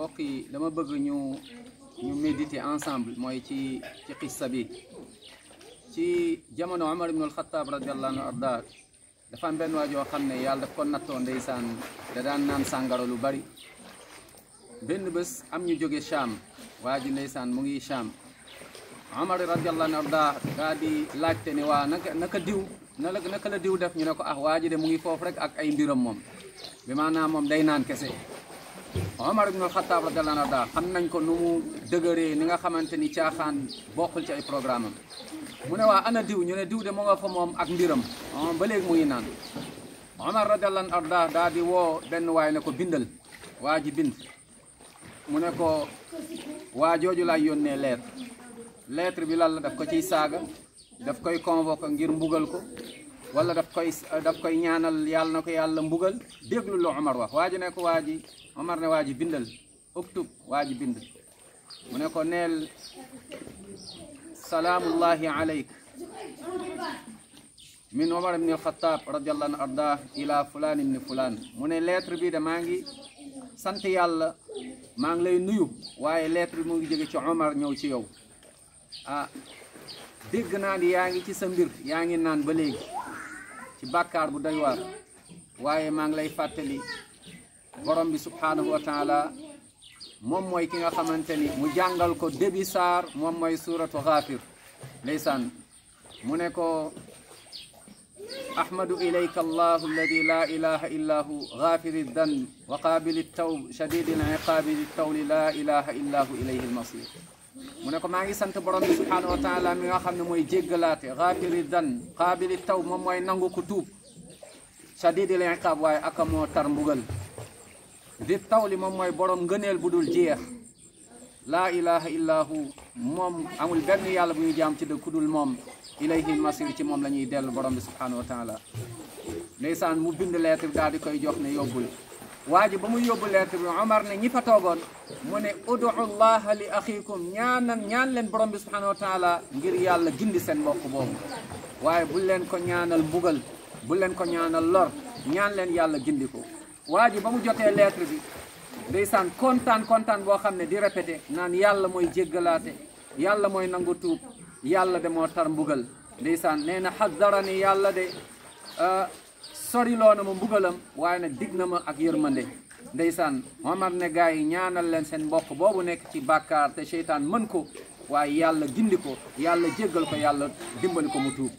mbokk yi dama bëgg ñu ñu méditer ensemble mooy ci ci xissa bi ci jamono Omar ibn al-Khattab radiyallahu anhu arda dafa am waajoo xam ne yàlla daf ko ndeysaan da daan naan sàngara lu bari benn bés am ñu jóge Cham waa ji ndeysaan mu ngi Cham Omar radiyallahu anhu arda daa di laajte ni waa naka naka diw la naka la diw def ñu ne ko ah waa ji de mu ngi foofu rek ak ay mbiram moom bi maanaam moom day naan kese Omar ibn Khattab radiyallahu anhu daal xam nañ ko nu mu dëgëree ni nga xamante ni caaxaan bokkul ci ay programme am mu ne waa ana diw ñu ne diw de mu nga fa moom ak mbiram ah, ba léegi mu ngi Omar radiyallahu anhu daal di woo benn waay ne ko bindal waa ji bind mu ne ko waa jooju laay yónnee lettre lettre bi lan daf ko ciy saaga daf koy convoqué ngir mbugal ko wala daf koy ñaanal yàlla na ko yàlla mbugal déglu lu Omar wax ne ko waa ji Omar ne waa ji bindal uktub waa ji bind mu ne ko neel salaamullahi alayk min Omar ibn Khattab radiallahu anhu ardah ila fulaan ibn fulaan mu ne lettre bi de maa ngi sant yàlla maa ngi lay nuyu waaye lettre bi mu ngi jóge ci Omar ñëw ci yow ah, dégg naa ni yaa ngi ci sa yaa ngi naan ba léegi ci bàkkaar bu doy waaye maa ngi lay fàttali borom bi subhaanahu wa taala moom mooy ki nga xamante ni mu jàngal ko débi saar moom mooy suuratu xaafir ndeysaan mu ne ko ahmadu ilayka allahu alladi laa ilaha illa hu xaafiri dan wa qaabili tawb shadidi l iqaabi li mu ne ko maa ngi sant borom bi subhaanahu wa taala mi nga xam ne mooy jéggalaate xaafiri dan xaabili taw moom mooy nangu ku tuub shadidil iqaab waaye aka moo tar mbugal di taw li moom mooy borom ngëneel bu dul jeex laa ilaha illa hu moom amul benn yàlla bu ñu jaam ci dëkk dul moom ilayhi masir ci moom la ñuy dellu borom bi subhaanahu wa taala ndeysaan mu bind lettre daal di koy jox ne yóbbul waa ji ba mu yóbbu lettre bi Omar ne ñi toogoon mu ne udu llaha li axiikum ñaanan ñaan leen borom bi subhanahu wa taala ngir yàlla gindi seen boobu waaye bu leen ko ñaanal mbugal bu leen ko ñaanal lor ñaan leen yàlla gindi ko waa ji ba mu jotee lettre bi ndeysaan kontaan kontaan boo xam ne di répété nan yàlla mooy jéggalaate yàlla mooy nangu tuub yàlla de moo tar mbugal ndeysaan nee na xadarani de sori loo na ma mbugalam waaye nag dig na ma ak yërmande ndeysaan Momar ne gars yi ñaanal leen seen mbokk boobu nekk ci bàkkaar te seytaan mën ko waaye yàlla gindi ko yàlla jéggal ko yàlla dimbali ko mu tuub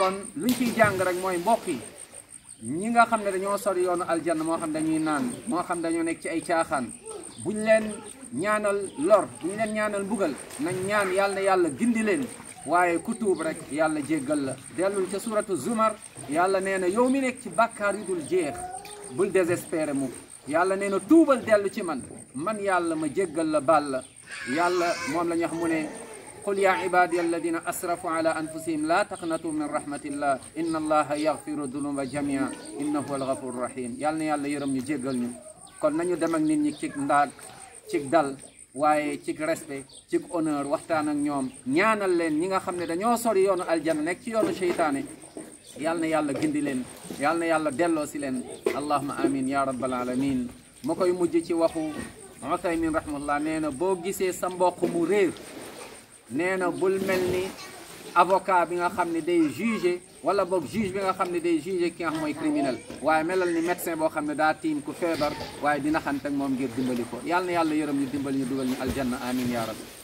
kon luñ ciy jàng rek mooy mbokk yi ñi nga xam ne dañoo sori yoonu aljanna moo xam dañuy naan moo xam dañoo nekk ci ay caaxaan buñ leen ñaanal lor buñ leen ñaanal mbugal nañ ñaan yàlla yàlla gindi leen waaye ku tuub rek yàlla jéggal la dellul ca suratu zumar yàlla nee na yow mi nekk ci bàkkaar yu dul jeex bul désespéré mu yàlla nee na tuubal dellu ci man man yàlla ma jéggal la baal la yàlla moom la ñu wax ne qul ya ibadi alladina asrafu la taqnatu min rahmatillah inna allaha yaghfiru dunuba jamia innahu alghafur rahim yàlla na yàlla yërëm ñu jéggal ñu kon na dem ak nit ñi cig ndaag cig dal waaye cig respect cig honneur waxtaan ak ñoom ñaanal leen ñi nga xam ne dañoo sori yoonu aljana nekk ci yoonu seytaane yal na yàlla gindi leen yal na yàlla delloo si leen allahuma amin ya rabbal alamin ma koy mujj ci waxu Utaymin rahmatullah nee na boo gisee sa mbokk mu réer nee bul mel ni avocat bi nga xam ne day jugé wala boog juge bi nga xam ne day jugé ki nga xam mooy criminel waaye melal ni médecin boo xam ne daa tiim ku feebar waaye dina xante ak moom ngir dimbali ko yàlla na yàlla yërëm ñu dimbali ñu dugal ñu aljanna amin yaa rabbi